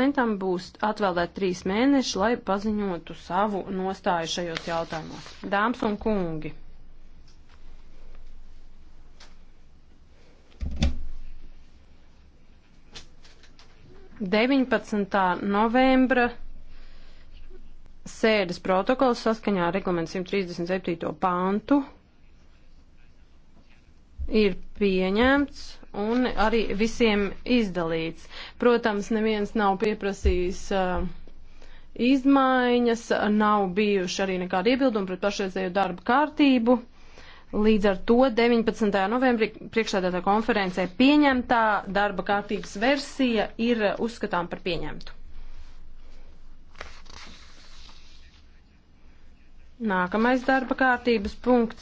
parlamentam būs atvēlēt trīs mēneši, lai paziņotu savu nostāju šajos jautājumos. Dāmas un kungi! Deviņpadsmitā novembra sēdes protokols saskaņā ar reglamentu 137. pāntu ir pieņemts un arī visiem izdalīts. Protams, neviens nav pieprasījis uh, izmaiņas, nav bijuši arī nekādi iebildumi pret pašreizējo darba kārtību. Līdz ar to 19. novembrī priekšsēdētā konferencē pieņemtā darba kārtības versija ir uh, uzskatām par pieņemtu. Nākamais darba kārtības punkts